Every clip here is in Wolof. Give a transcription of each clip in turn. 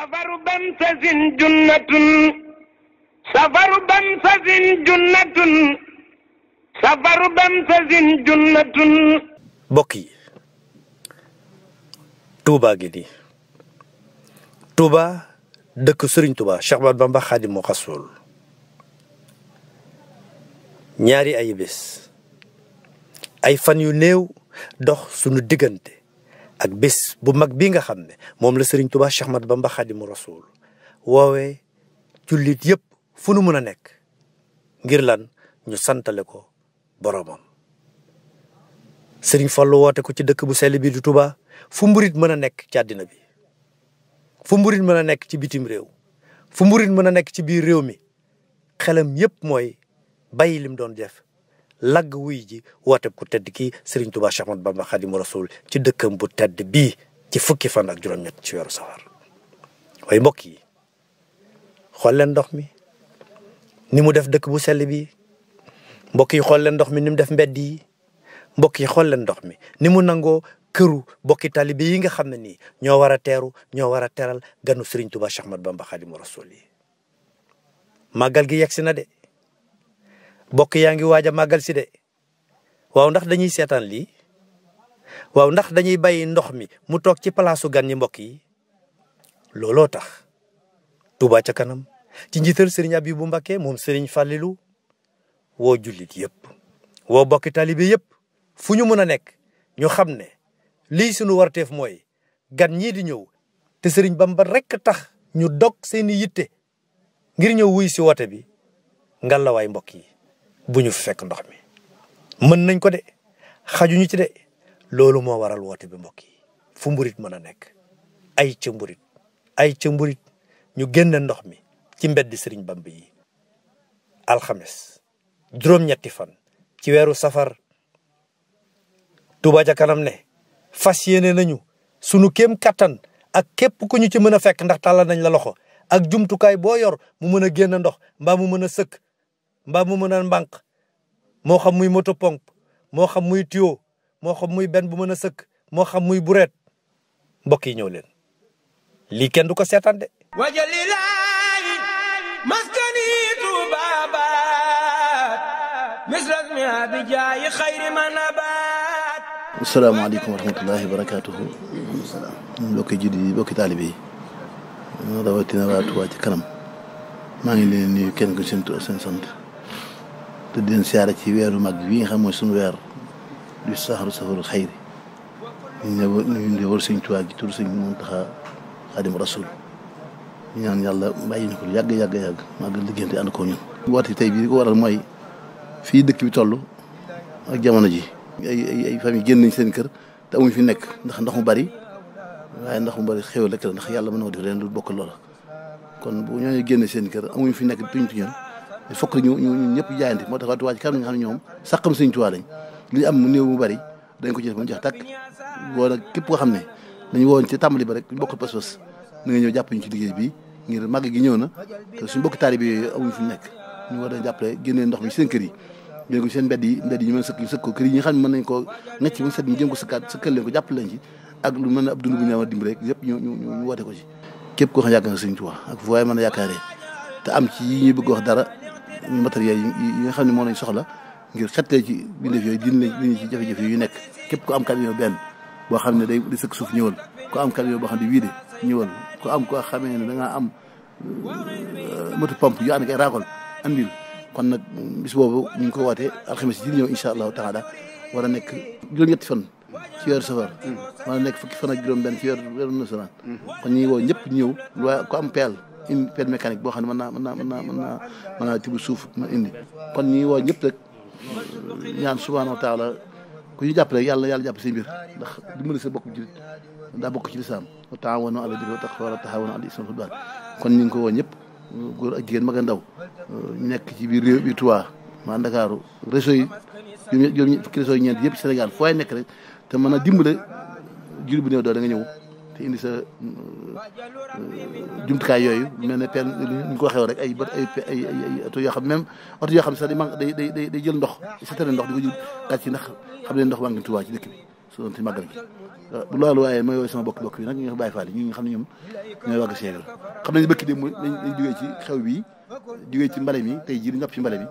safaru bansasin junnatun safaru bansasin junnatun safaru bansasin junnatun mbokk yi Touba gi nii Touba dëkk Serigne Touba Cheikh Ahmadou Bamba Khadimu Rasul ñaari ay ay fan yu néew dox sunu diggante ak bés bu mag bi nga xam ne moom la Serigne Touba Cheikh Ahmadou Bamba Khadimu Rasoul woowee jullit yëpp fu nu mën a nekk ngir lan ñu santale ko boromam. Serigne Fallou woote ko ci dëkk bu sell bi du Touba fu mburit mën a nekk ci àddina bi fu mburit mën a nekk ci bitim réew fu mburit mën a nekk ci biir réew mi xelam yëpp mooy bàyyi lim doon def lagg wuy ji wooteb ku tedd kii Serigne Touba Cheikh Ahmadou Bamba Khadimu Rasul ci dëkkam bu tedd bii ci fukki fan ak juróom-ñett ci weeru safar waaye mbokk yi xool leen ndox mi ni mu def dëkk bu sell bi mbokk yi xool leen ndox mi ni mu def mbedd yi mbokk yi xool leen ndox mi ni mu nangoo këru bokki taalibe yi nga xam ne nii ñoo war a teeru ñoo war a teral ganu Serigne Touba Cheikh Ahmadou Bamba Khadimu Rasul yi màggal gi yegsi de. bokk yaangi waja magal a si de waw ndax dañuy seetaan li waw ndax dañuy bàyyi ndox mi mu tok ci placeu gan ñi mbokk yi lolo tax Touba ca kanam ci njiital Serigne bu Mbacké mom Serigne fallilu wo julit yep wo bokk taalibe yep fuñu mëna nek ñu xam li suñu wartef moy gan ñi di ñew te Serigne Bamba rek tax ñu dok seen yitte ngir ñew wuy ci wote bi la way mbokk yi buñu fekk ndox mi mën nañ ko de xajuñu ci de loolu moo waral woote bi mbokk yi fu mburit mën a nekk ay ca mburit ay ca mburit ñu génne ndox mi ci mbedd sëriñ bamb yi alxames juróom-ñetti fan ci weeru safar tuba ja kanam ne fas yéene nañu sunu kéem kattan ak képp ku ñu ci mën a fekk ndax tàllal nañ la loxo ak jumtukaay boo yor mu mën a ndox mbaa mu mën sëkk mbaa mu mën a mbànq moo xam muy moto pompe moo xam muy tuyau moo xam muy benn bu mën a sëkk moo xam muy bureet mbokk yi ñëw leen lii kenn du ko seetaan de wajalilaahi maskanitu baabaat misras mi abijaayi xayri ma nabaat asalaamaaleykum wa rahmatullahi wa mbokki juddi yi mbokki taalibe yi rawatina waa Tuubaa ci kanam maa ngi leen kenn ku seen tur seen sant تدين سيارة كبيرة وما تبين خم وسون غير للسهر سهر الخير من من دورسين تواجي تورسين منتها خادم رسول يعني الله ما ينقول يجع يجع يجع ما قال لي جنتي أنا كونين وقت تبي تقول ماي في دك بيتالو أجمع نجي أي أي أي فمي جن نسين كر تأوي في نك نخ نخ مباري لا نخ مباري خير لك نخ يالله من ودي رين الله كون بنيان يعني جن نسين كر أوي في نك تين تين il faut que ñu ñu ñëpp jaayante moo tax waa Touba ci kanam nga xam ne ñoom sàqam Sëriñ Touba lañ li ñu am mu néew mu bari dañ ko ci def mu jeex tàkk boo nag képp koo xam ne dañu woon ci tàmbali ba rek ñu bokk pas-pas na nga ñëw jàpp ñu ci liggéey bi ngir màgg gi ñëw na te suñu bokk taalibe yooyu ñu nekk ñu war a jàppale génnee ndox mi seen kër yi génne seen mbedd yi mbedd yi ñu mën ko kër yi ñi xam nañ ko necc mu set ñu jëm ko sëkkaat sëkkal leen ko jàpp leen ci ak lu mën a ab bu ñu war a dimbali rek ñu ñu ko ci képp koo xam ne yaakaar na Sëriñ Tuubaa ak fu waaye mën a yaakaaree am ci yi ñuy bëgg wax dara matériel yi nga xam ne moom lañ soxla ngir xetlee ci bindef yooyu din yu nekk képp ku am camion benn boo xam ne day sëkk suuf ñëwal ko am camion boo xam ne wii de ñëwal ku am koo xamee ne da ngaa am euh, moto pompe yu ànd ak ay raakol kon nag bis boobu ñu ngi ko wootee alxames ji ñëw incha allahu taala war a nekk juróom-ñetti fan ci weeru safar mm. war nekk fukki fan ak juróom benn ci weeru weeru nasaraan mm. kon ñu ngi ñëpp ñëw lu ko am peel indi pelle mécanique boo xam ne mën naa mën naa mën naa mën tibb suuf ma indi kon ñi woo ñëpp rek euh, ñaan subhaanahu wa taala ku ñu jàppale yàlla yàlla jàpp si mbir ndax dimbali sa bokk julit daa bokk ci lislaam wa wa taqwa wa taawanu ala ismi fudwaan kon ñu ngi ko woo ñëpp euh, góor ak jigéen mag euh, nekk ci biir réew bi Tuubaa maa Ndakaaru réseau yi juróom yëpp Sénégal fooy nekk rek te mën a dimbale jur bu néew doo da nga ñëw te indi sa euh, jumtukaay yooyu mel ne pen ñu ko waxee rek ay bët ay ay ay oto yoo xam même oto yoo xam sax day day day day jël ndox satane ndox di ko jël tàcc ndax xam ne ndox maa ngi tuwaay ci dëkk bi su doon ci màggal gi euh, bu loolu waaye mooy sama bokk bokk bi nag ñu bàyyi faal yi ñu xam ne ñoom ñooy wàgg seen xam nañ bëkk démb dañ dañ jógee ci xew bi jógee ci mbale mi tey jii di ñopp ci mbale mi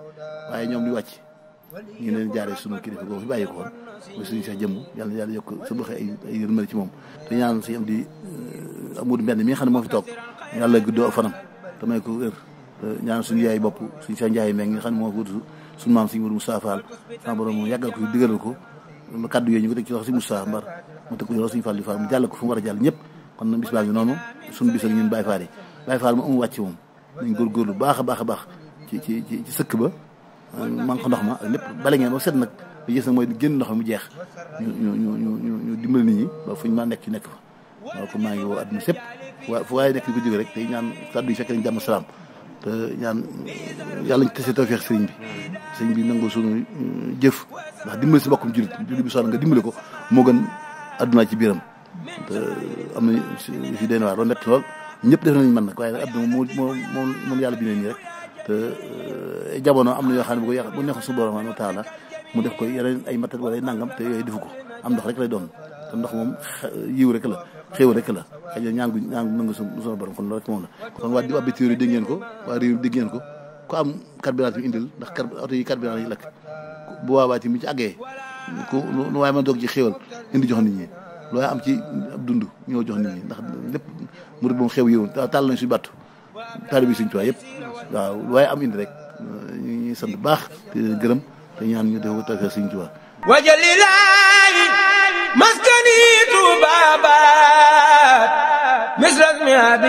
waaye ñoom di wàcc ñu leen jaaree sunu kilifa boobu fi bàyyi ko woon muy suñu seex jëmm yàlla yàlla yokk sa bëxe ay ay ci moom te ñaan si am di euh, amudu mbenn mi nga xam ne moo fi toog yàlla guddoo ak fanam te may ko wér ñaan suñu yaay bopp suñu seex njaay meeg nga xam ne moo fi wut suñu maam suñu wut Moussa Fall sama borom yàggal ko digëral ko ma kàddu yooyu ñu ko teg ci wax si Moussa Mbar mu teg ko ci wax suñu Fall mu jàll ko fu mu war a jàll ñëpp kon nag bis baa ngi noonu suñu bis ak ñun Baye Fall baax a baax a baax ci ci ci sëkk ba euh, man ko ndox ma lépp bale ngeen ba set nag li gis na mooy mu jeex ñu ñu ñu ñu fuñ maa nekk ci nekk maa ngi woo àdduna sépp waaye waaye nekk rek tey ñaan kàddu yi fekk nañ jàmm ñaan yàlla ñu tase tawfeex sëriñ bi bi nangoo sunu euh, jëf ndax dimbali si mbokkum jullit jullit bi soxla nga dimbali ko moo gën àdduna ci biiram euh, am na fi den waar doon nett ñëpp def nañ man nag waaye nag àdduna moom yàlla bindee nii rek te euh, jamono am na yoo xam bu ko yàq bu nekk su borom wa taala mu def ko yeneen ay matat wala ay nangam te yooyu defu ko am ndox rek lay doon te ndox moom yiw rek la xéew rek la xëy na ñaan gu ñaan gu nangu suñu borom kon loolu rek moom la kon di waa bitim réew dégg ngeen ko waa réew dégg ngeen ko ku am carburant bi indil ndax oto yi carburant yi lakk bu ci mu ci àggee ko lu waaye mën a doog ci xéewal indi jox nit ñi looy am ci ab dund ñoo jox nit ñi ndax lépp murid moom xew yiw tàll nañ suñu battu taalibe bi suñ tuwaay yëpp waaw waaye am indi rek ñu ngi sant baax te gërëm te ñaan ñu def ko tawfeex Sëriñ Tuubaa wajalilaahi maskani tuubaa baat misras mi abi